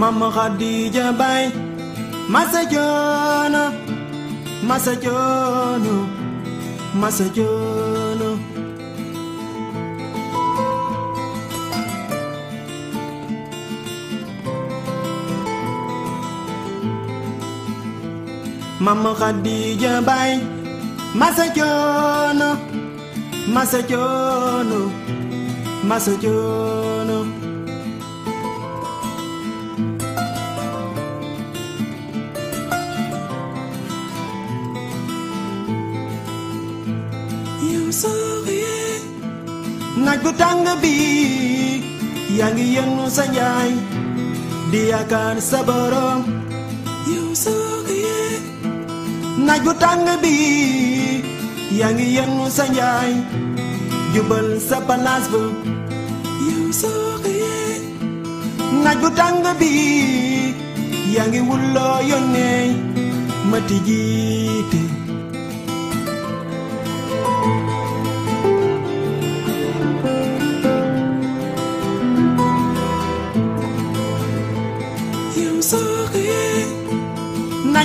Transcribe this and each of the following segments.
Mama Khadija bay Masajono Masajono Masajono Mama Khadija bay Masajono Masajono Masajono Kan naaj bu bi yang ngi yëngu sa njaay di yaakaar sa borom yow soo ko bi yang ngi sa njaay jubal sa palasbo bi yang yon ne matigiti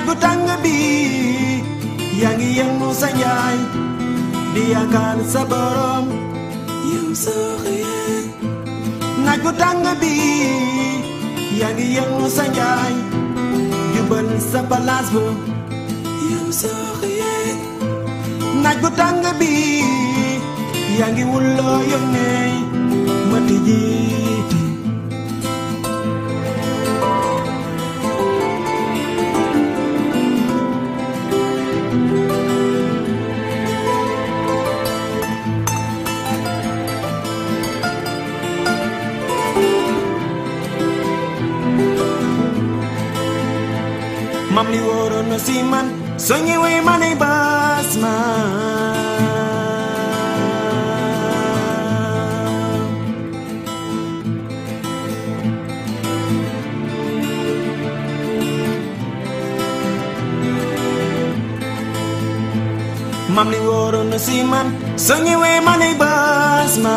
bu bi yaa ngi yëngu sa njaay di sa borom yow soo xëyee naaj bi yaa ngi yëngu sa njaay jubal sa palaas ba yow soo xëyee naaj bi ni woro no siman sonye we mane basma Mamli woro no siman sonye we mane basma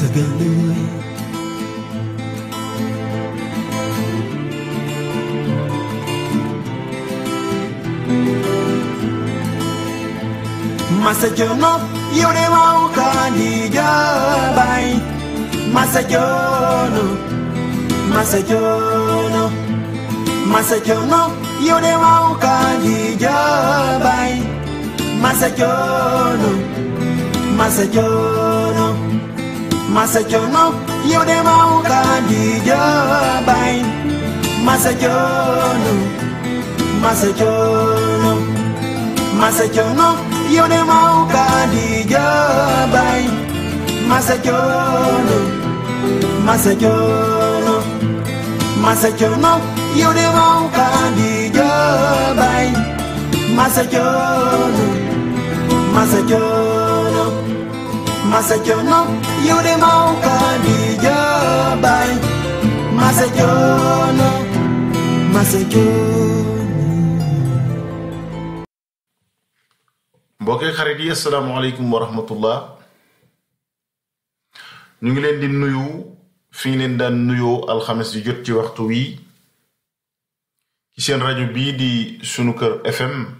Sagalui Masa jenop yore wau kani jabai Masa jono Masa jono Masa jono yore wau kani jabai Masa jono Masa jono mà sẽ cho ngốc yêu đêm mau ta đi dơ bay mà sẽ cho nụ mà sẽ cho nụ mà sẽ cho ngốc yêu đêm mau ta đi dơ bay mà sẽ cho nụ mà sẽ cho nụ mà sẽ cho ngốc yêu đêm mau ta đi dơ bay mà sẽ cho nụ mà sẽ chờ Masa Masajono yude mau kadijabai Masajono Masajono mbokk xarit yi asalaamaaleykum wa rahmatullah ñu ngi leen di nuyu fi leen daan al khamis di jot ci waxtu wi ci seen rajo bi di sunu kër fm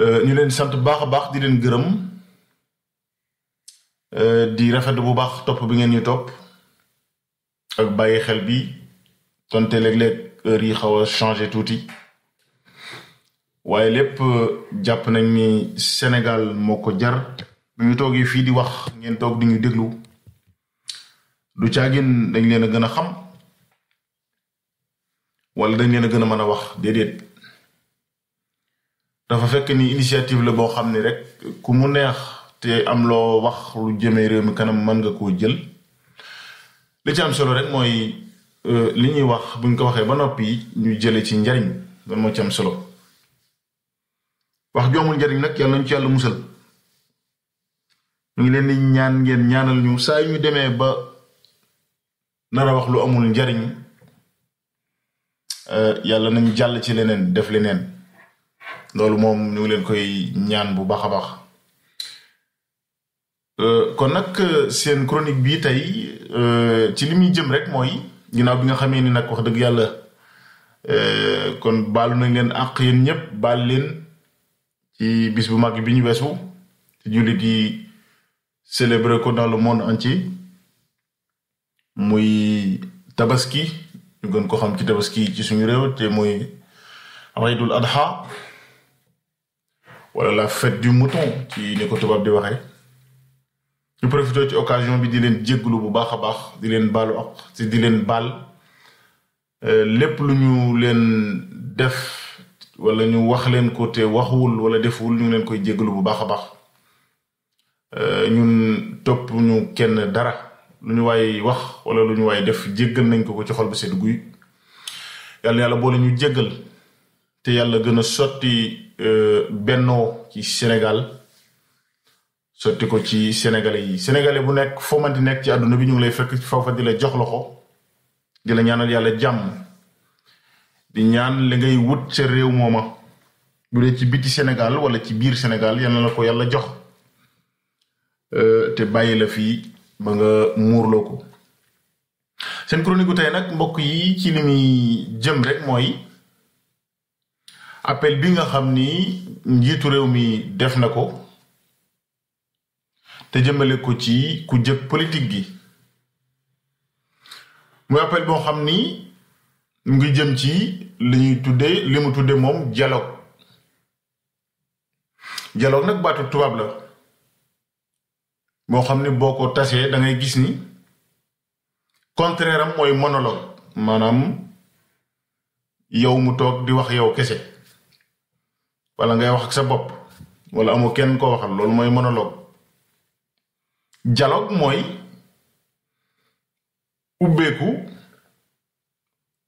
Euh, ñu leen sant bu baax a baax di leen gërëm euh, di rafetlu bu baax topp bi ngeen ñu topp ak bàyyi xel bi tonte léeg-léeg heure yi xaw a changé tuuti waaye lépp euh, jàpp nañ ni Sénégal moo ko jar bi ñu toogee fii di wax ngeen toog di ñu déglu du caagin dañ leen a gën a xam wala dañ leen a gën a mën a wax déedéet dafa fekk ni initiative la boo xam ni rek ku mu neex te am loo wax lu jëmee réew mi kanam mën nga koo jël li ci am solo rek mooy euh, li ñuy wax buñ ko waxee ba noppi ñu jële ci njariñ loolu moo ci am solo wax joomul njariñ nag yàlla nañu ci yàlla musal ñu ngi leen di ñaan ngeen ñaanal ñu saa yu ñu demee ba nara wax lu amul njariñ euh, yàlla nañ jàll ci leneen def leneen loolu moom ñu leen koy ñaan bu baax a baax euh, kon nag euh, seen chronique bi tey euh, ci li muy jëm rek mooy ginnaaw bi nga xamee ni nag wax dëgg yàlla kon baalu nañ leen àq yéen ñëpp baal leen ci bis bu mag bi ñu weesu ci julli di célébré ko dans le monde entier muy tabaski ñu gën ko xam ci tabaski ci suñu réew te muy raydul adha wala la fête du mouton ci ni ko tubaab di waxee ñu profité ci occasion bi di leen jégglu bu baax a baax di leen baalu ak si di leen baal euh, lépp lu ñu leen def wala ñu wax leen ko te waxuwul wala defuwul ñu leen koy jégglu bu baax a baax euh, ñun topp ñu kenn dara lu ñu waaye wax wala lu ñu waay def jéggal nañ ko ko ci xol bu sedd guy yàlla yàlla boole ñu jéggal te yàlla gën a sotti Euh, bennoo ci Sénégal sotti ko ci sénégalais yi sénégalais bu nekk foo man nekk ci àdduna bi ñu lay fekk foofa di la jox loxo di la ñaanal yàlla jàmm di ñaan li ngay wut sa réew mooma bu dee ci biti Sénégal wala ci biir Sénégal yal na la ko yàlla jox euh, te bàyyi la fii ba nga muurloo ko seen chronique tey nag mbokk yi ci li jëm rek mooy appel bi nga xam ni njiitu réew mi def na ko te jëmale ko ci ku jëkk politique gi muy appel boo xam ni mu ngi jëm ci li ñuy tuddee li mu tuddee moom dialogue dialogue nag baatu tubaab la moo xam ni boo ko tasee dangay gis ni contraire am mooy monologue maanaam yow mu toog di wax yow kese wala ngay wax ak sa bopp wala amoo kenn koo waxal loolu mooy monologue dialogue mooy ubbeeku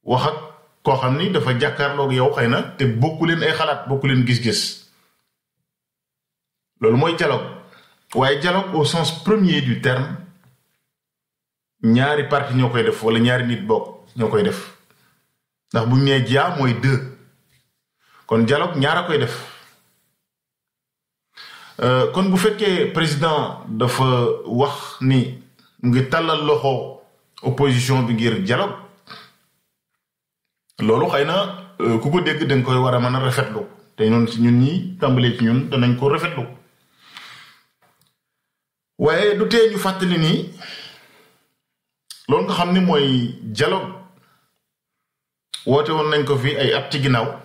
wax ak koo xam ni dafa jàkkaarloog yow xëy na te bokku leen ay xalaat bokku leen gis-gis loolu mooy dialogue waaye dialogue au sens premier du terme ñaari parti ñoo koy def wala ñaari nit bokk ñoo koy def ndax buñ nee jaa mooy deux kon dialogue ñaara koy def euh, kon bu fekkee président dafa wax ni mu ngi tàllal loxo opposition bi ngir dialogue loolu xëy na euh, ku ko dégg danga koy war a mën a rafetlu te noonu si ñun nii tàmbalee ci ñun danañ ko rafetlu waaye du tee ñu fàttali nii loolu nga xam ni mooy dialogue woote woon nañ ko fi ay at ci ginnaaw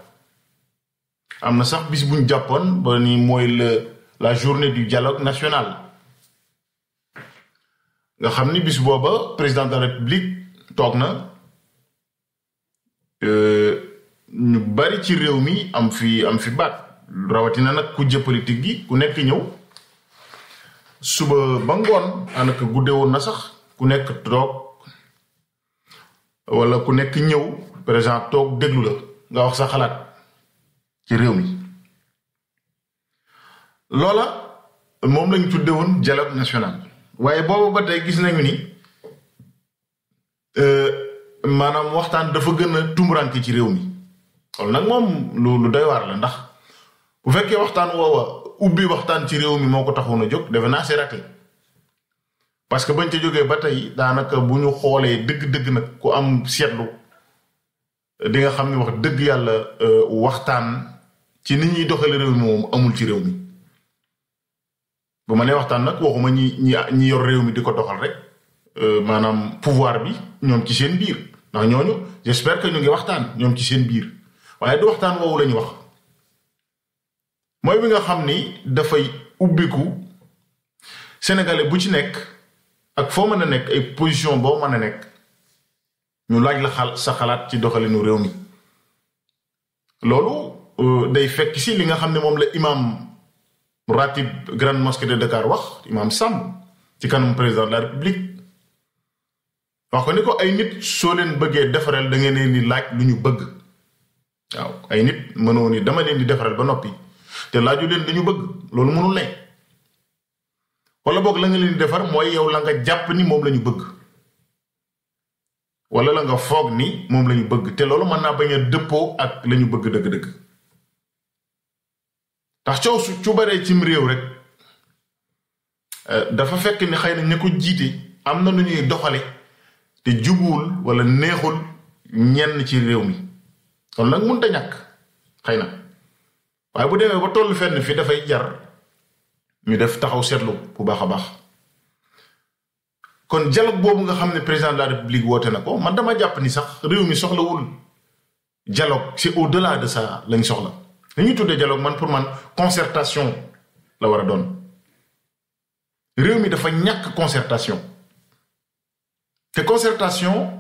amna sax bis buñ japon ba ni moy le la journée du dialogue national nga xamni bis boba président de la république toog euh ñu bari ci réew mi am fi am fi baat rawati na nak ku jë politique gi ku nekk ñew suba ba ngoon anaka gudde won na sax ku nekk toog wala ku nekk ñew président tok déglu la nga wax sa xalaat ci réew mi loola moom lañ tudde woon dialogue national waaye boobu ba tey gis nañu ni euh, maanaam waxtaan dafa gën a tumuranke ci réew mi xool nag moom lu lu doy waar la ndax bu fekkee waxtaan woowa ubbi waxtaan ci réew mi moo ko taxoon a jóg defe naa c'est parce que bañ ca jógee ba tey daanaka bu ñu xoolee dëgg-dëgg nag ku am seetlu di nga xam ni wax dëgg yàlla euh, waxtaan ci nit ñuy doxale réew mi moom amul ci réew mi bu ma nee waxtaan nag waxuma ñi ñi ñi yor réew mi di ko doxal rek euh, maanaam pouvoir bi ñoom ci seen biir ndax ñooñu j'espère que ñu ngi waxtaan ñoom ci seen biir waaye du waxtaan woowu lañu wax mooy bi nga xam ni dafay ubbiku sénégalais bu ci nekk ak foo mën a nekk ay position boo mën a nekk ñu laaj la sa xalaat ci doxalinu réew mi loolu Euh, day fekk si li nga xam ne moom la imam ratib Grand mosquée de dakar wax imam sam ci kanam président de la république wax ko ni ko ay nit soo leen bëggee defaral da ngeen leen di laaj lu ñu bëgg waaw ay nit mënoo ni dama leen di defaral ba noppi te laaju leen dañu bëgg loolu mënul ne wala boog la nga leen defar mooy yow la nga jàpp ni moom la ñu bëgg wala la nga foog ni moom la ñu bëgg te loolu mën naa bañ a dëppoo ak la bëgg dëgg-dëgg ndax coow su cu baree cim réew rek eh, dafa fekk ni xëy na ña ko jiite am na nu ñuy doxale te jubuwul walla neexul ñenn ci réew mi kon nag mënta ñàkk xëy na waaye bu demee ba toll fenn fi dafay jar ñu def taxaw seetlu bu baax a baax kon dialogue boobu nga xam ne président de la république woote na ko man dama jàpp ni sax réew mi soxlawul dialogue c'est au-delà de ça lañ soxla ni ñu tuddee dialogue man pour man concertation la war a doon réew mi dafa ñàkk concertation te concertation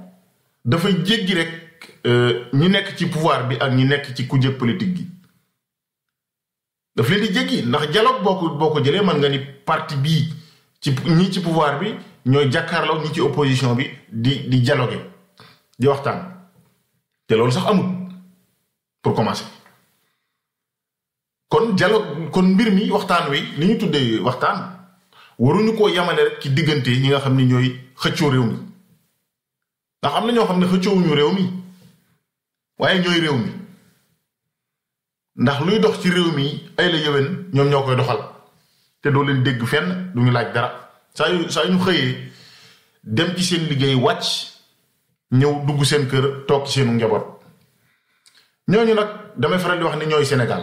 dafa jéggi rek euh, ñi nekk ci pouvoir bi ak ñi nekk ci kujje politique gi daf leen di jéggi ndax dialogue boo ko boo ko jëlee mën nga ni parti bii ci ñi ci pouvoir bi ñooy jàkkaarloo ñi ci opposition bi di di dialoguer di waxtaan te loolu sax amul pour commencer kon jalo kon mbir mi waxtaan wi ni ñu tuddee waxtaan waruñu koo yemale rek ci diggante ñi nga xam ne ñooy xëccoo réew mi ndax am na ñoo xam ne xëccoowuñu réew mi waaye ñooy réew mi ndax luy dox ci réew mi ay la yëwen ñoom ñoo koy doxal te doo leen dégg fenn du ñu laaj dara saa yu saa ñu xëyee dem ci seen liggéey wàcc ñëw dugg seen kër toog ci seenu njaboot ñooñu nag damay faral di wax ne ñooy sénégal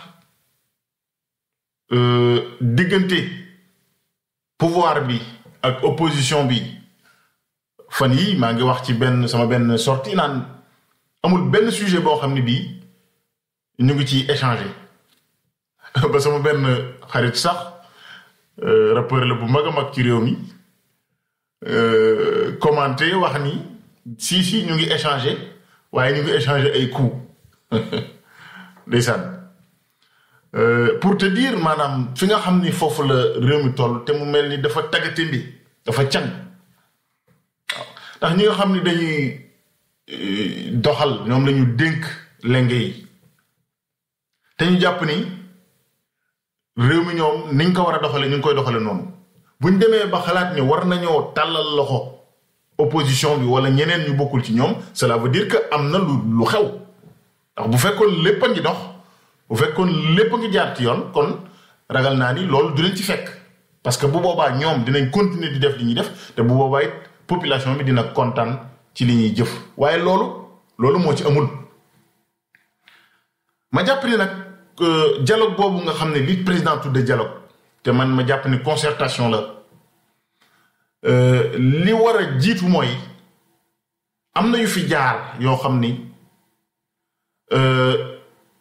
Euh, diggante pouvoir bi ak opposition bi fan yi maa ngi wax sama sortie naan amul sujet boo xam ne ñu ngi échanger ba sama benn xarit sax euh, rappeur la bu a ci euh, commenté si si ñu ngi échanger waaye ñu ngi coups Euh, pour te dire manam fi nga xamni fofu la réew mi toll te mu melni dafa tagati mbi dafa can waaw ndax ñi nga xamni dañuy eh, doxal ñom lañu denk dénk yi te ñu japp ni réew mi ñoom niñ ko wara a doxale ñu koy doxale non buñ demee ba xalaat ni war nañoo talal loxo opposition bi wala ñeneen ñu bokkul ci ñoom cela veut dire que am na lu lu xew ndax bu fekkoon lépp a ngi dox bu fekkoon lépp ngi jaar ci yoon kon ragal naa ni loolu du leen ci fekk parce que bu boobaa ñoom dinañ continuer di def li ñuy def te bu boobaa it population bi dina kontaan ci li ñuy jëf waaye loolu loolu moo ci amul. ma jàpp ni nag euh, dialogue boobu nga xam ne li président tudde dialogue te man ma jàpp ni concertation la euh, li war a jiitu mooy am na yu fi jaar yoo xam ni. Euh,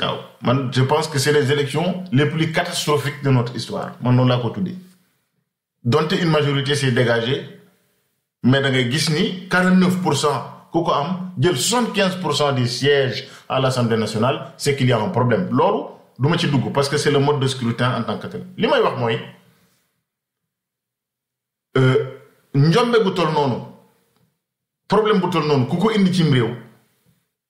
je pense que c'est les élections les plus catastrophiques de notre histoire man non, là. ko une majorité s'est dégagée mais dans les Gisni, 49 75 des sièges à l'Assemblée nationale c'est qu'il y a un problème Loro, parce que c'est le mode de scrutin en tant que tel ce que je veux euh, c'est que problème un problème, noonu ko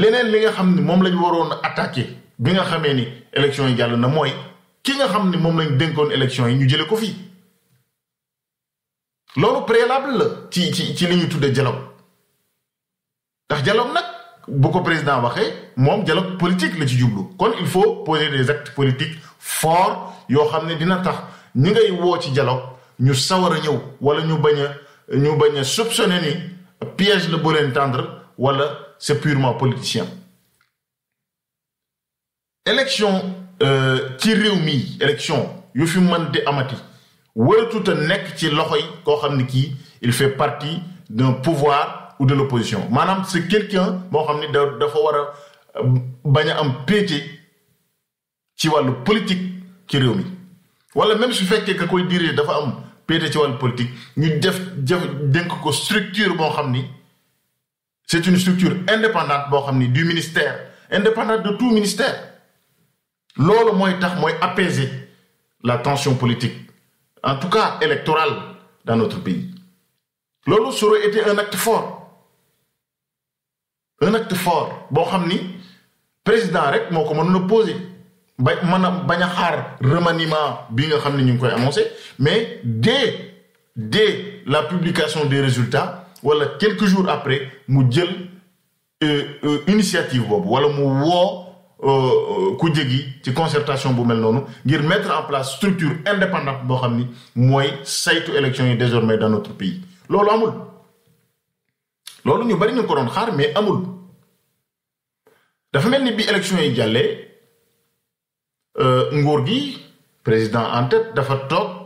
leneen li nga xam ni moom lañ waroon attaqué bi nga xamee ni élection yi jàll na mooy ki nga xam ni moom lañ dénkoon élection yi ñu jële ko fii loolu préalable la ci ci ci li ñu tudde dialogue ndax dialogue nag bu ko président waxee moom dialogue politique la ci jublu kon il faut poser des actes politiques forts yoo xam ne dina tax ñi ngay woo ci dialogue ñu sawar a ñëw wala ñu bañ a ñu bañ a soupçonner ni piège la bu leen tendre wala c'est purement politicien élection euh, ci réew mi élection yu fi mën di amati tout nek ci loxo yi koo xam il fait partie d'un pouvoir ou de l'opposition Madame, c'est quelqu'un moo xam ne da dafa war a euh, am ci politique ci Voilà même wala même su fekkee ka koy diriger un am qui ci wàllu politique ñu def def ko structure boo xam c'est une structure indépendante du ministère indépendante de tout ministère Lolo moy tax apaiser la tension politique en tout cas électorale dans notre pays Lolo aurait été un acte fort un acte fort président rek poser remaniement mais dès dès la publication des résultats wala quelques jours après mu jël euh, euh, initiative boobu wala mu woo euh, ku jégi ci concertation bu mel noonu ngir mettre en place structure indépendante boo xam ni mooy saytu élection yi désormais dans notre pays loolu amul loolu ñu bari ñu ko doon xaar mais amul dafa mel ni bi élection yi jàllee nguur gi président en tête dafa toog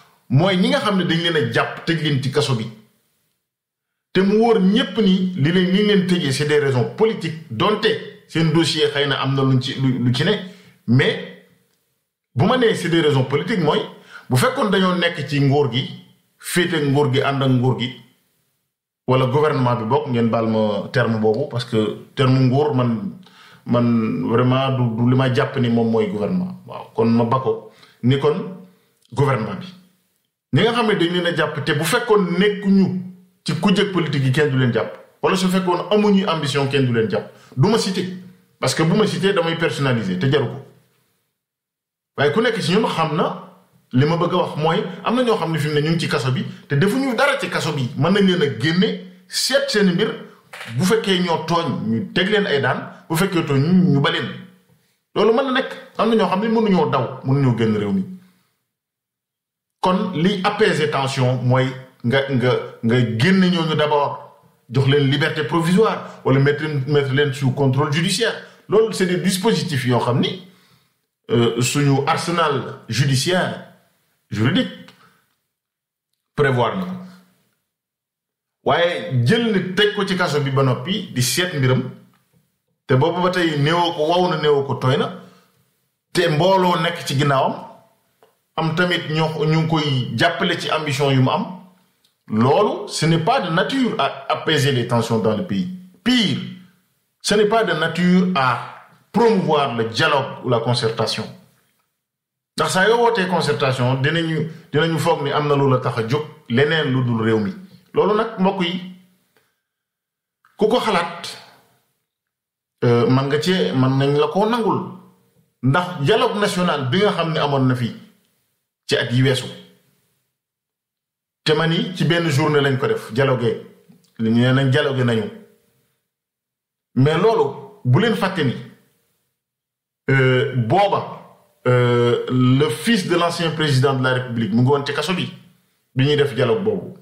mooy ñi nga xam ne dañ leen a jàpp tëj leen ci kaso bi te mu wóor ñépp ni li leen li leen tëjee c'est des raisons politiques donte seen dossier xëy na am na ci lu ci ne mais bu ma nee c'est des raisons politiques mooy bu fekkoon dañoo nekk ci nguur gi féete nguur gi ànd ak nguur gi wala gouvernement bi bokk ngeen baal ma terme boobu parce que terme nguur man man vraiment du li ma jàpp ni moom mooy gouvernement waaw kon ma bako ni kon gouvernement bi ni nga xam ne dañ leen a te bu fekkoon nekkuñu ci kujjeg politique yi kenn du leen japp wala su fekkoon amuñu ambition kenn du leen japp du ma cité parce que bu ma cité damay personnaliser te jaru waye ku nekk ci ñun xamna lima bëgg wax moy amna ño qui ñu ci bi te defuñu dara ci kasso bi mën nañ leena a génne seen mbir bu fekkee ño togn ñu teg leen ay daan bu togn ñu mën na nekk ñoo ne daw kon li apaiser tension moy nga nga nga génn ñooñu d'abord jox leen liberté provisoire wala mettre mettre leen sous contrôle judiciaire lool c'est des dispositifs yo xamni euh suñu arsenal judiciaire juridique prévoir na ko jël ni tek ko ci kasso bi ba noppi di set mbiram te bobu batay tey néewoo ko waw na ko te mbolo nek ci ginaawam am tamit ñu ce n'est pas de nature à apaiser les tensions dans le pays pire ce n'est pas de nature à promouvoir le dialogue ou la concertation Dans ce concertation dinañu dinañu ni a leneen lu que yi euh, la nangul dialogue national bi nga ci at yi weesu te man ci benn journée lañ ko def dialogué li ñu nee nañ dialogué nañu mais lolu bu leen faté ni euh boba euh le fils de l'ancien président de la république mu ngi woon ci kasso bi bi ñuy def dialogue bobu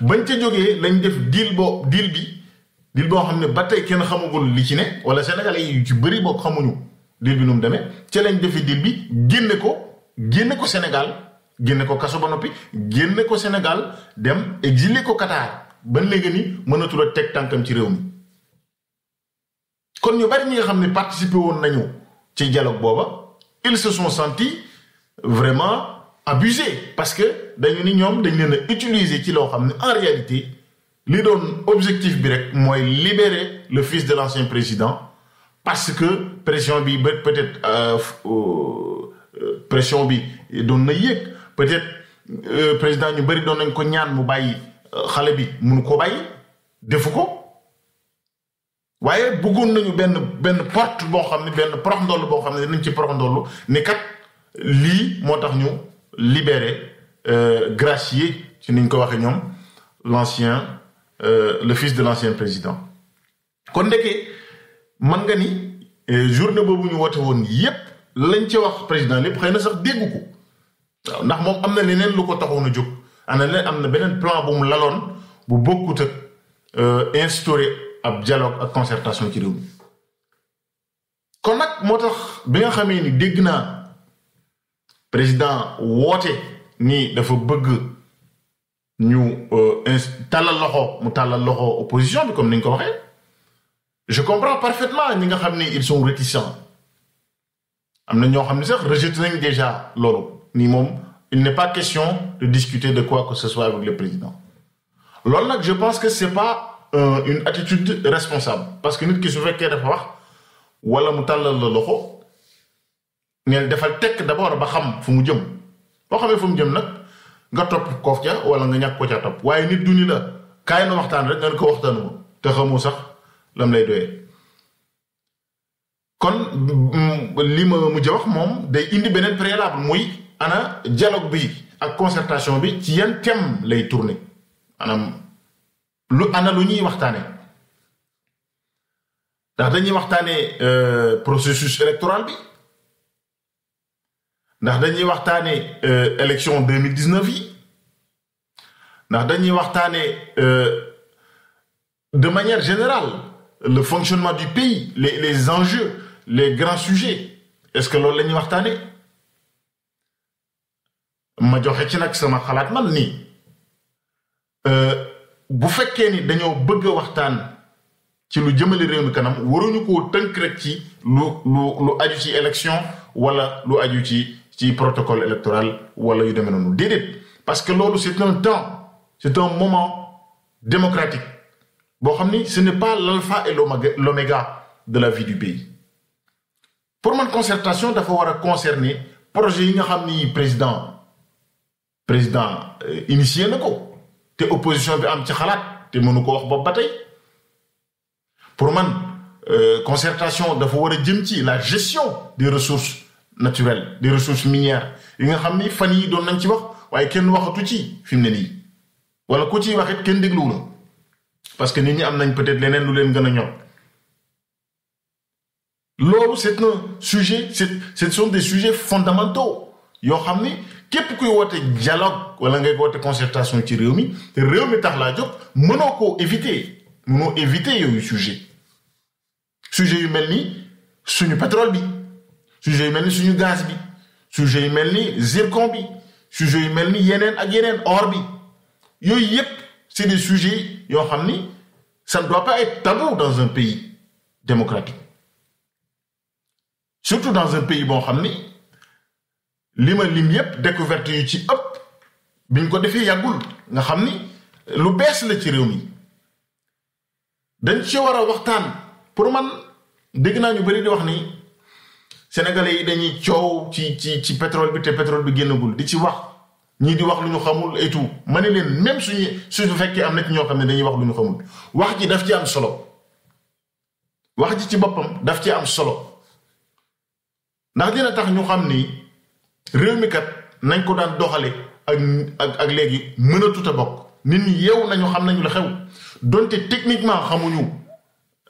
bañ ca jógee lañ def deal boo deal bi deal bo xamné ne ba tey kenn xamagul li ci ne wala sénégalais yu ci bëri bok xamuñu deal bi nu démé ci lañ def deal bi génne ko génne ko Sénégal génne ko kaso ba noppi génne ko Sénégal dem exilé ko Qatar ba léegi ni mënatul a teg tànkam ci réew mi kon ñu bari ñi nga xam ne participer woon nañu ci dialogue booba ils se sont sentis vraiment abusés parce que dañu ni ñoom dañ leen a utiliser ci loo xam en réalité li doon objectif bi rek mooy libérer le fils de l'ancien président parce que pression bi peut-être euh, euh, pression bi doon na peut-être euh, président ñu bari doon nañ ko ñaan mu bàyyi euh, xale bi mënu ko bàyyi defu ko waaye bëggoon nañu benn benn porte boo xam ne benn prox boo ci libéré gracier ci niñ ko l'ancien euh, le fils de l'ancien président kon ndeke man nga ni journée boobu ñu woote lañ ci wax président lépp xëy na sax dégg ko waaw ndax moom am na leneen lu ko taxoon a jóg ana le leneen am na beneen plan bu mu laloon bu bokkut ak euh, instaurer ab dialogue ak concertation ci réew mi kon nag moo tax bi nga xamee ni dégg naa président woote ni dafa bëgg ñu euh, tàllal loxo mu tàllal loxo opposition bi comme ni nga ko waxee je comprends parfaitement ñi nga xam ne ils sont réticents amna ñoo xamni sax rejeté nañ déjà lolu ni mom il n'est pas question de discuter de quoi que ce soit avec le président lolu nak je pense que c'est pas euh, une attitude responsable parce que nit ki su fekkee dafa wax wala mu talal la loxo neel defal tek d'abord ba xam fu mu jëm bo xamé fu mu jëm nak nga top ko ca wala nga ñak ko ca top waye nit du ni la kay na waxtaan rek nga ko waxtaanu te xamoo sax lam lay doyee kon mm, li ma mujj wax moom day indi beneen préalable muy ana dialogue bi ak concertation bi ci yan thème lay tourner anam lu ana lu ñuy waxtaane ndax dañuy waxtaane euh, processus électoral bi ndax dañuy waxtaane euh, élection 2019 yi ndax dañuy waxtaane euh, de manière générale le fonctionnement du pays les les enjeux les grands sujets est-ce que l'on la ma joxe ci nak sama xalaat man euh bu fekkee ni dañoo bëgg ci lu jëmale réew mi kanam waruñu koo tënk ci lu lu aju ci élection wala lu aju ci ci protocole électoral wala yu parce que c'est un temps c'est un moment démocratique ce n'est pas l'alpha et l'oméga de la vie du pays pour mon concertation il war a concerner projet yi nga xamni président président euh, initié nako té opposition bi am ci xalat té mënu ko wax bob batay pour man euh, concertation il fa wara jëm ci la gestion des ressources naturelles des ressources minières yi nga xamni ni fan yi doon nañ ci wax waye kenn waxatu ci fi ne wala ku ci wax kenn dégluwu parce que nit ñi am nañ peut-être leneen lu leen gëna ñor loolu c'est un sujet c'est ce sont des sujets fondamentaux yo xamni ni képp kuy woote dialogue wala ngay woote concertation ci réew mi te réew mi tax laa jóg mënoo koo éviter mënoo éviter yooyu sujet sujet yu mel ni suñu pétrole bi sujet yu mel ni suñu gaz bi sujet yu mel ni zircon bi sujet yu mel ni yeneen ak yeneen or bi yooyu yépp c'est des sujets yoo xam ni ça ne doit pas être tabou dans un pays démocratique surtout dans un pays bo xamni lima lim yep découverte yu ci ëpp biñ ko defee yagul nga xamni lu bess la ci réew mi dañ ci wara waxtaan pour man dégg naa ñu bëri di wax ni sénégalais yi dañuy coow ci ci ci pétrole bi te pétrole bi génnagul di ci wax ñii di wax lu ñu xamul et tout ma ne leen même suñu suñu fekkee am na ci ñoo xam ne dañuy wax lu ñu xamul wax ji daf ci am solo wax ji ci boppam daf ci am solo Nous tax ñu xam ni kat nañ ko daan doxale ak ak ak nañu xew techniquement xamuñu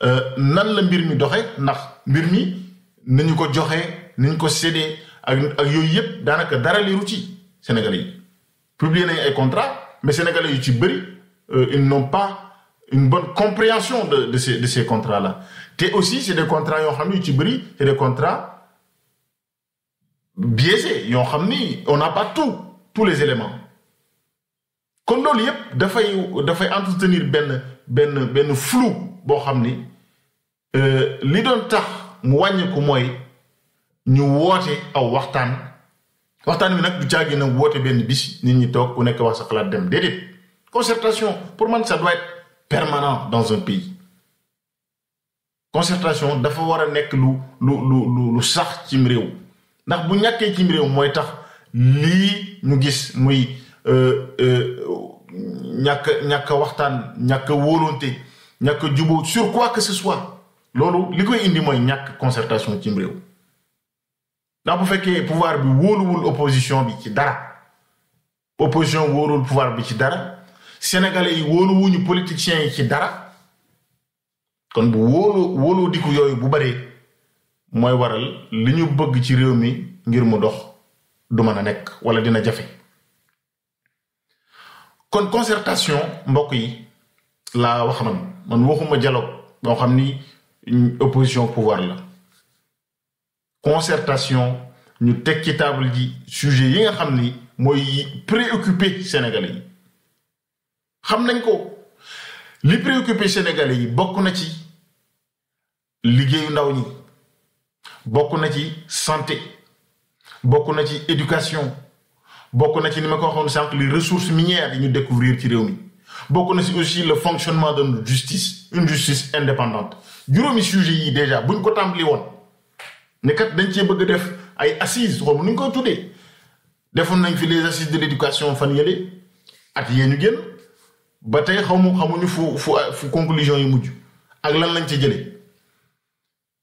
euh, nan la mbir mi doxe ndax mbir mi nañu ko joxe nañ ko cédé ak ak yooyu yëpp daanaka ci Sénégalais publier mais Sénégalais euh, ils n'ont pas une bonne compréhension de ces contrats là te aussi c'est des contrats yoo xam yu ci c'est des contrats biaisé yoo xam ni on n'a pas tout tous les éléments kon loolu yëpp dafay dafay entretenir ben ben ben flou boo xam ni euh, li doon tax mu wàññiku mooy ñu woté aw waxtan waxtan wi nak du na woté ben bis nit ñi tok ku nekk wax sa xalaat dem déedéet concertation pour man ça doit être permanent dans un pays concertation dafa war a nekk lu lu lu lu sax cim rew ndax bu ñàkkee ci réew mooy tax lii ñu gis muy euh, euh, ñàkk ñàkk waxtaan ñàkk wóolonte ñàkk jubóo sur quoi que ce soit loolu li koy indi mooy ñàkk concertation ci réew ndax bu fekkee pouvoir bi wóoluwul opposition bi ci dara opposition wóolul pouvoir bi ci dara sénégalais yi wóoluwuñu politiciens yi ci dara kon bu wóolu wóoloo diku yooyu bu baree mooy waral li ñu bëgg ci réew mi ngir mu dox du mën a nekk wala dina jafe kon concertation mbokk yi laa wax man man waxuma dialogue boo xam ni opposition pouvoir la concertation ñu teg ci table ji sujet yi nga xam ni mooy préoccupé sénégalais yi xam nañ ko li préoccupé sénégalais yi bokk na ci liggéeyu ndaw ñi bokk na ci santé bokk na ci éducation bokk na ci ni ma ko waxoon sànq les ressources minières yi ñu découvrir ci réew mi bokk na ci aussi le fonctionnement de notre justice une justice indépendante juromi sujet yi déjà buñ ko tàmbali won ne kat dañ ci bëgg def ay assises xaw ñu ko tuddee defoon nañ fi les assises de l'éducation fan yële at yee ñu génn ba tey xamu xamuñu fu fu fu conclusion yi mujj ak lan lañ ci jëlee.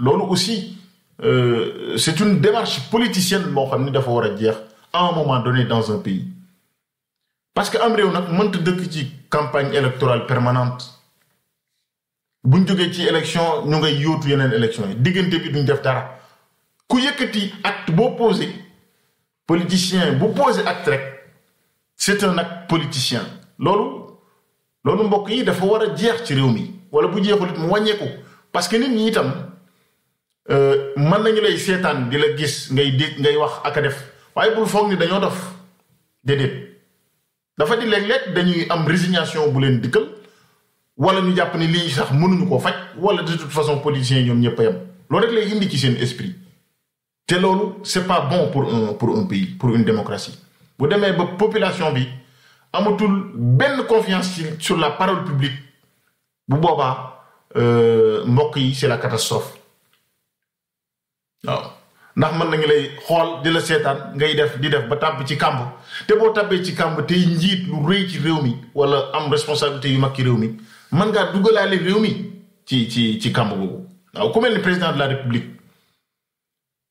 lolu aussi euh, c'est une démarche politicienne boo xamni dafa wara jeex à un moment donné dans un pays parce que am réew nag dëkk ci campagne électorale permanente buñ jógee ci élection ñu ngay yóotu yenen élection yi diggante bi duñ def dara ku yëkëti acte bo posé politicien bu posé acte c'est un acte politicien lolu lolu mbokk yi dafa wara jeex ci rew mi wala bu jeexul it mu wàññeeku parce que nit ñi itam euh, man nañu lay seetaan di la gis ngay dégg ngay wax ak def waye bu foog ni dañoo def déedéet dafa di léeg-léeg dañuy am résignation bu len dikkal wala ñu japp ni li sax mënuñu ko fajj wala de toute façon politiciens ñom ñepp yam lool rek lay indi ci seen esprit té loolu c'est pas bon pour un pour un pays pour une démocratie bu démé ba population bi amatul ben confiance sur la parole publique bu euh mbokk yi c'est la catastrophe waaw ndax mën nañu lay xool di la seetaan ngay def di def ba tàbb ci kàmb te boo tàbbee ci kàmb tey njiit lu rëy ci réew mi wala am responsabilité yu mag ci réew mi mën ngaa dugalaale réew mi ci ci ci kàmb waaw ku mel ni président de la république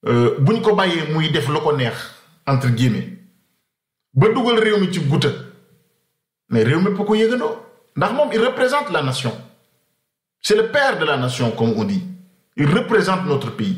euh, buñ ko bàyyee muy def lu ko neex entre guillemets ba dugal réew mi ci mais réew mi bu ko yëgandoo ndax moom il représente la nation c'est le père de la nation comme on dit il représente notre pays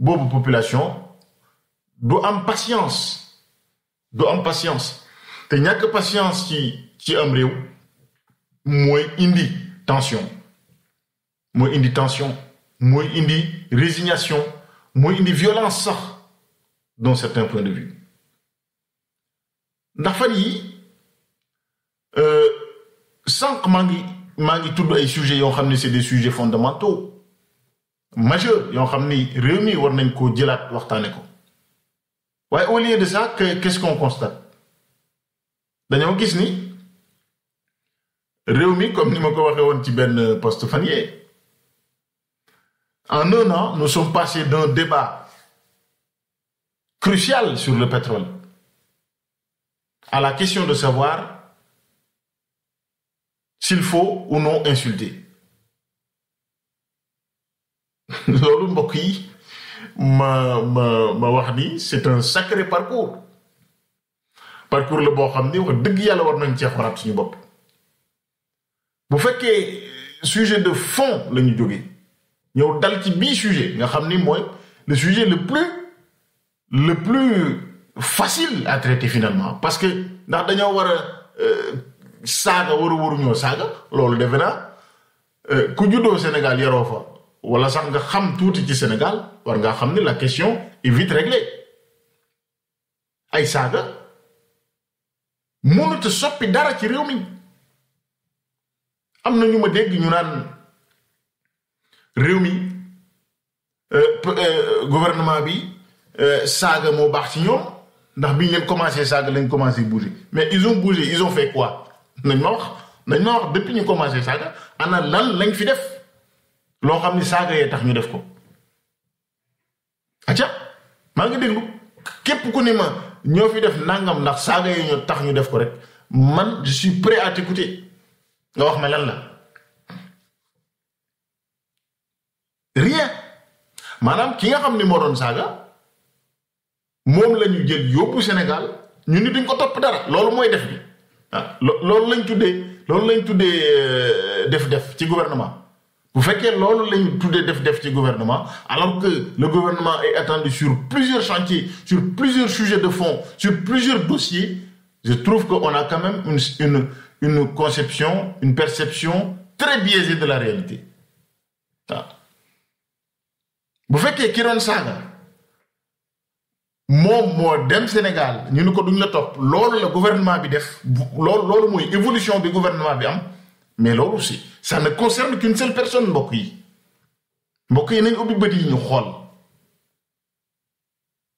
bobu population do am patience do am patience te ñàkk patience qui ci am rew moy indi tension moy indi tension moy indi résignation moy indi violence Dans certains points de vue ndax fan yi euh, que maa ngi mangi pas sur ay sujets yo xamné c'est des sujets fondamentaux majeur yoo xam ni réew mi war nañ koo jëlaat waxtaane ko waaye au lieu de ça qu'est-ce qu'on constate dañoo gis ni réew comme ni ma ko waxee woon ci poste en un an nous sommes passés d'un débat crucial sur le pétrole à la question de savoir s'il faut ou non insulter mbokk ma ma ma c'est un sacré parcours parcours le bo xamni wax deug yalla war nañ ci sujet de fond le ñu ñeu sujet nga le sujet le plus le plus facile à traiter finalement parce que ndax avons saga saga saaga saga a saga, saaga euh, ku Sénégal wala sax nga xam tuuti ci Sénégal war nga xam ni la question est vite réglée ay saaga mënut soppi dara ci réew mi am na ñu ma dégg ñu naan réew mi euh, euh, gouvernement bi euh, saaga moo baax ci ñoom ndax biñu leen commencé saaga lañ commencé bouger mais ils ont bougé ils ont fait quoi nañ ma wax nañ ma wax depuis ñu commencé saaga ana lan lañ fi def lo xamni saga ye tax ñu def ko acca ma nga déglu képp ku ne ma ñoo fi def nangam ndax saga ye ñu tax ñu def ko rek man je suis prêt à t'écouter nga wax ma lan la rien manam ki nga xamni ni moron doon saga mom lañu jël yóbbu sénégal ñu ni duñ ko top dara loolu mooy def bi ah loolu lañ tuddee loolu lañ tuddee euh, def def ci gouvernement Vous faites que lañu tuddee def def ci gouvernement alors que le gouvernement est attendu sur plusieurs chantiers sur plusieurs sujets de fond sur plusieurs dossiers je trouve qu'on a quand même une une une conception une perception très biaisée de la réalité Vous faites que Kiron Saga mon MoDem dem Sénégal nous ni ko duñ la top. le le gouvernement a def loolu loolu mooy évolution du gouvernement bi am mais lolu aussi ça ne concerne qu'une seule personne mbokk yi mbokk yi nañ ubbi bët yi ñu xool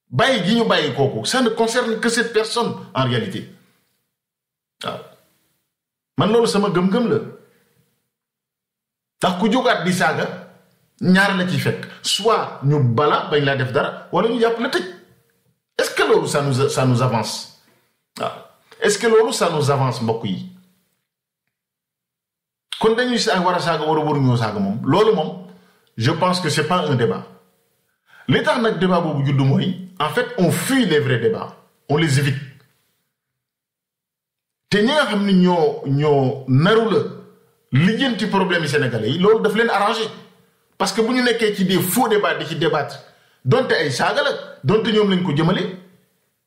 bàyyi gi ñu ça ne concerne que cette personne en réalité waaw man lolu sama gëm-gëm la ndax ku jogat di saga ñaar la ci fekk soit ñu bala bañ la def dara wala ñu jàpp la tej est-ce que lolu ça nous ça nous avance est-ce que lolu ça nous avance mbokk yi kon dañuy sa war a saaga war a waruñoo saaga moom loolu moom je pense que c'est pas un débat li tax nag débat boobu juddu mooy en fait on fuit les vrais débats on les évite te ñi nga xam ni ñoo ñoo naru la lijjanti problème yi sénégalais yi loolu daf leen arrangé parce que bu ñu nekkee ci des faux débats di ci débattre donte ay saaga la donte ñoom lañ ko jëmale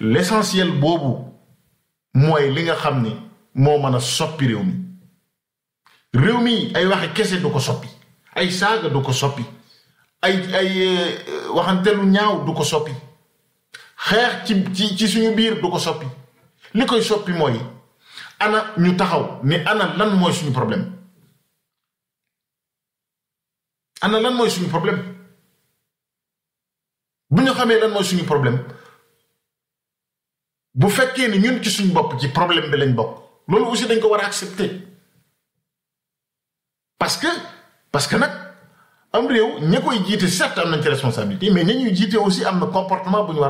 l'essentiel boobu mooy li nga xam ni moo mën a soppi réew mi réew mi ay waxe kese du ko soppi ay saaga du ko soppi ay ay euh, waxantelu ñaaw du ko soppi xeex ci ci ci suñu biir du ko soppi li koy soppi mooy ana ñu taxaw ni ana lan mooy suñu problème ana lan mooy suñu problème bu ñu xamee lan mooy suñu problème bu fekkee ni ñun ci suñ bopp ci problème bi lañ problème. loolu aussi dañ ko war accepter parce que parce que nag am réew ña koy certes am nañ responsabilité mais nous, ñuy aussi am na comportement bu ñu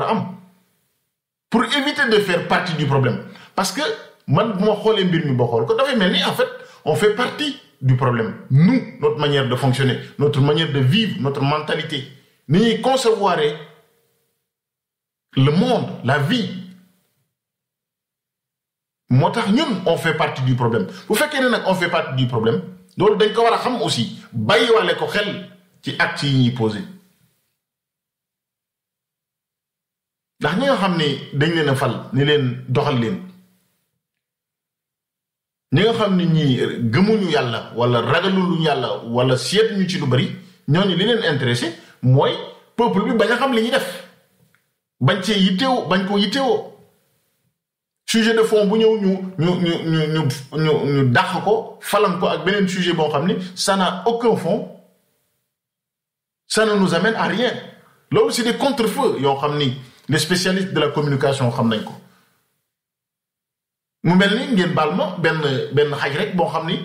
pour éviter de faire partie du problème parce que man bu ma xoolee mbir mi xool ko en fait on fait partie du problème nous notre manière de fonctionner notre manière de vivre notre mentalité ni ñuy concevoir le monde la vie motax ñun on fait partie du problème bu fekkee ne nag on fait partie du problème loolu dañ ko war a xam aussi bàyyiwaale ko xel ci acte yi ñuy posé ndax ñi nga xam ne dañ leen a fal ni leen doxal leen ñi nga xam ne ñii gëmuñu yàlla wala ragaluluñu yàlla wala seetuñu ci lu bari ñooñu li leen intéressé mooy peuple bi bañ a xam li ñuy def bañ cee yitteewoo bañ ko sujet de fond bu ñëw ñu ñu ñu ñu ñu ñu ñu ko falam ko ak benen sujet bo xamni ça n'a aucun fond ça ne nous amène à rien Là aussi des contre-feux yoo les spécialistes de la communication xam nañ ko mu melni ngeen baal ben ben benn xaj rek bo xamni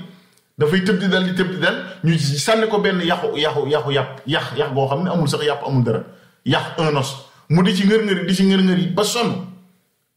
da fay tëb di dal di tëb di dal ñu sànni ko benn yahu yahu yahu yàpp yax yax goo ne amul sax yàpp amul dara yax un os mu di ci ngeur ngeur di ci ngeur ngeur ba sonu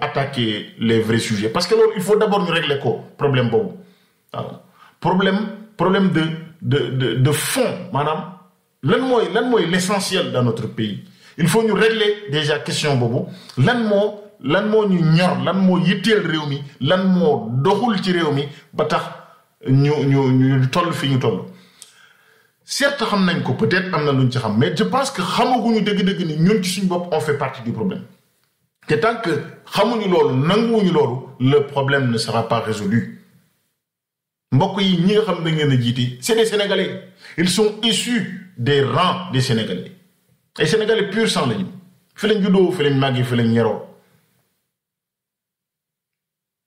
attaquer les vrais sujets parce que il faut d'abord nous régler le problème le problème problème de de fond madame lan est l'essentiel dans notre pays il faut nous régler déjà question Le lan nous, peut-être mais je pense que nous partie du problème te tant que xamuñu loolu nanguwuñu loolu le problème ne sera pas résolu mbokk yi ñi nga xam ne ngeen a c'est des sénégalais ils sont issus des rangs des sénégalais ay sénégalais pur sang lañu fi lañ juddoo fi lañ màggee fi lañ ñeroo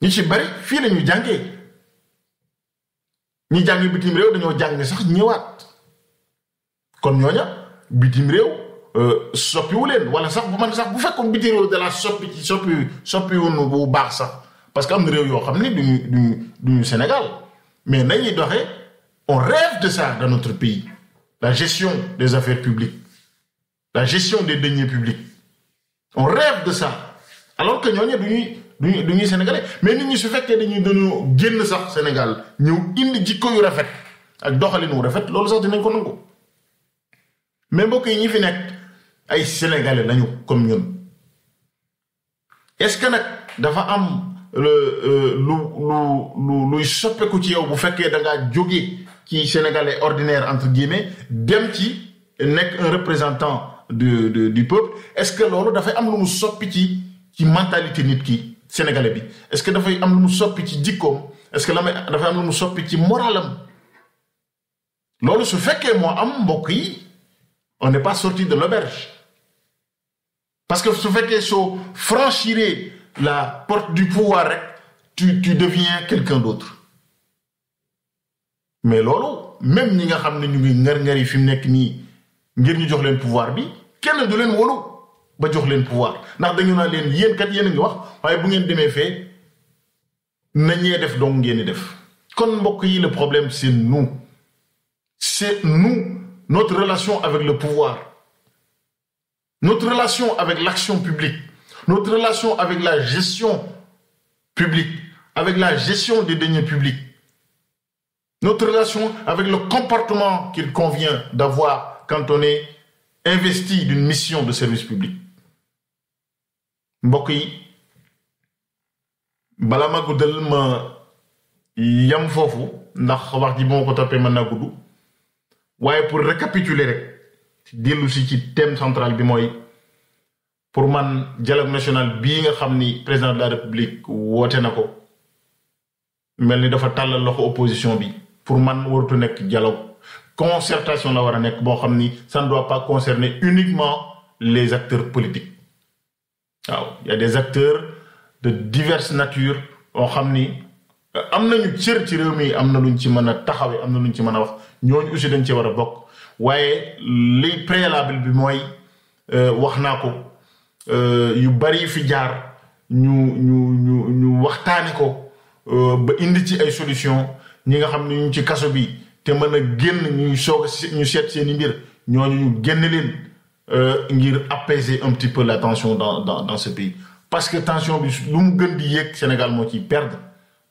ñu ci bari fii lañu jàngee ñi jàngi bitim réew dañoo jàng sax ñëwaat kon ñooña bitim réew euh, soppiwu leen wala sax bu man sax bu fekkoon biti de la soppi ci soppi soppiwunu bu baax sax parce que am na réew yoo xam ne du duñu Sénégal mais nañuy doxee on rêve de ça dans notre pays la gestion des affaires publiques la gestion des deniers publics on rêve de ça alors que ñooñu duñuy du duñuy sénégalais mais nit ñi su fekkee dañuy dañoo génn sax Sénégal ñëw indi jikko yu rafet ak doxalin wu rafet loolu sax dinañ ko nangu mais mbokk yi ñi fi nekk ay sénégalais nañu comme ñun est-ce que nag dafa am le euh, lu lu lu luy soppeeku ci yow bu fekkee da ngaa jóge ci sénégalais ordinaire entre guillemets dem ci nekk un représentant de de du peuple est-ce que loolu dafay am lu mu soppi ci ci mentalité nit ki sénégalais bi est-ce que dafay am lu mu soppi ci jikkoom est-ce que la may dafay am lu mu soppi ci moralam loolu su fekkee moo am mbokk yi on n'est pas sorti de l'auberge parce que ce fait qu'ils soo franchir la porte du pouvoir tu tu deviens quelqu'un d'autre mais lolo, même si nga xam ne ñu ngi ngar-ngar yi fi mu le ngir jox pouvoir bi kenn du leen ba jox pouvoir ndax dañu naa leen yéen kat yéen a ngi wax waaye bu ngeen demee fee nañee def donc ngeen def. le problème c'est nous c'est nous notre relation avec le pouvoir. Notre relation avec l'action publique, notre relation avec la gestion publique, avec la gestion des deniers publics, notre relation avec le comportement qu'il convient d'avoir quand on est investi d'une mission de service public. Mbokyi, balama goudel ma yam ndax wax pour récapituler dindu si ci thème central bi mooy pour man dialogue national bii nga xam ni président de la république woote na ko mel ni dafa tàllal loxo opposition bi pour man wartu nekk dialogue concertation la war a nekk boo xam ni ça ne doit pas concerner uniquement les acteurs politiques waaw y a des acteurs de diverses natures oo xam ni euh, am nañu cër ci réew mi am na luñ ci mën a taxawee am na luñ ci mën a wax ñooñu aussi dañ ci war a bokk waaye li préalable bi mooy euh, wax naa ko euh, yu bari fi jaar ñu ñu ñu ñu waxtaane ko euh, ba indi ci ay solution ñi nga xam ne ñu ci kaso bi te mën a génn ñu soog ñu seet seeni mbir ñooñu ñu génn leen ngir apaiser un petit peu la tension dans dans dans ce pays parce que tension bi lu mu gën di yéeg Sénégal moo ciy perdre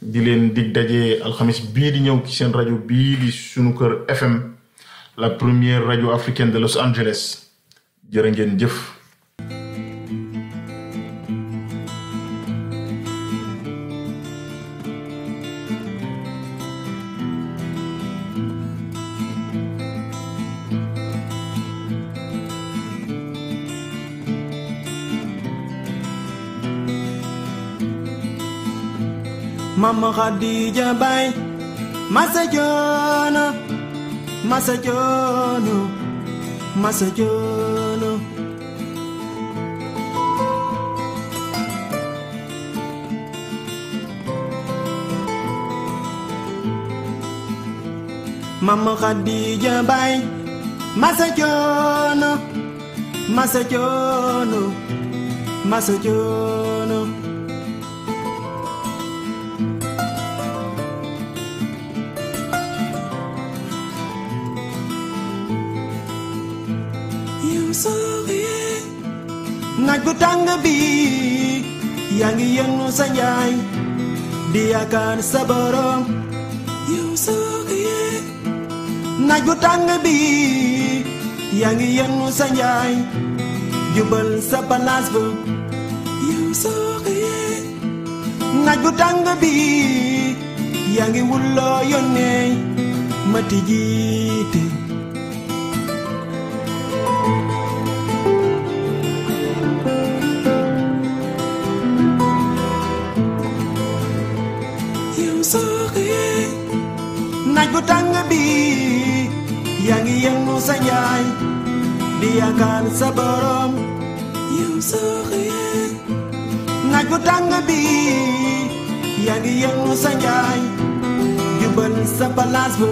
di Dick dig Al Bidi bi di ñew ci FM la première radio africaine de Los Angeles mama khadija bay masajono masajono masajono mama khadija bay masajono masajono masajono nagutang bu tàng bi yaa ngi yëngu sa njaay di yaakaar sa borom yow soo ko yëg naaj sa jubal sa palaas ba yow soo ko bi bu tàng bi yaa ngi yëngu sa di yaakaar sa borom yow soo xëyee naaj bu tàng bi yaa ngi yëngu sa njaay jubal sa palaas ba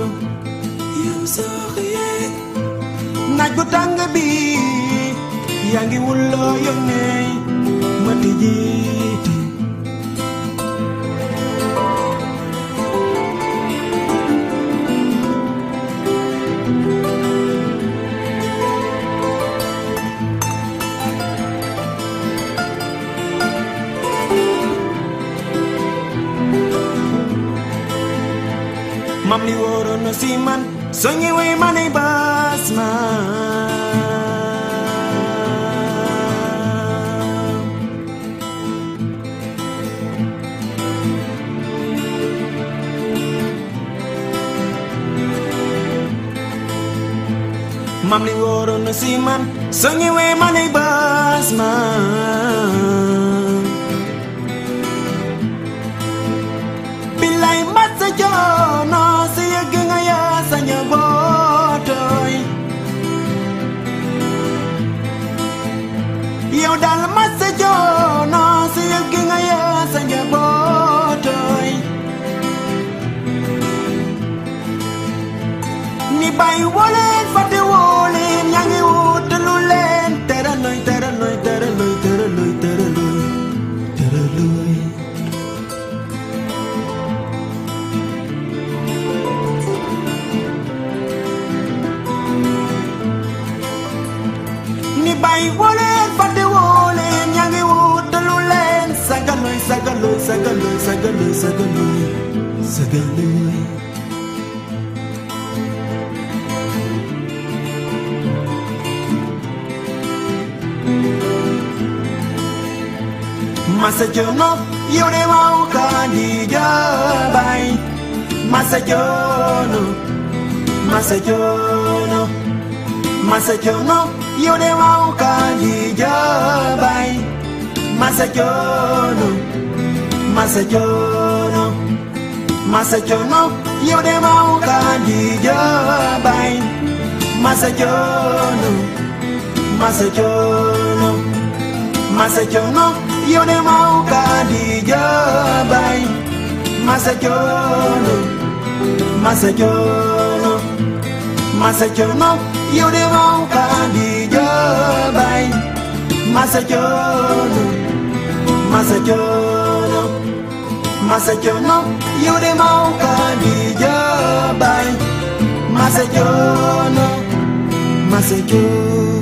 yow soo xëyee naaj bu tàng bi yaa ngi wulloo yónnee ma tijjiiti mamni woro no siman sonyi we mane basma mamni woro no siman sonyi we mane basma bilai matsa jo segala segala segala mà sẽ chờ nó yêu đêm mau cả đi giờ bay mà sẽ chờ nó mà sẽ chờ nó mà sẽ chờ nó yêu đêm mau cả đi giờ bay mà sẽ chờ nó masa masajono masajono yo de mau ka di jabain masajono masajono masajono yo de mau ka di jabain masajono masajono masajono yo de mau ka di jabain masajono masajono Masa jono yude mau kani jabai Masa jono Masa jono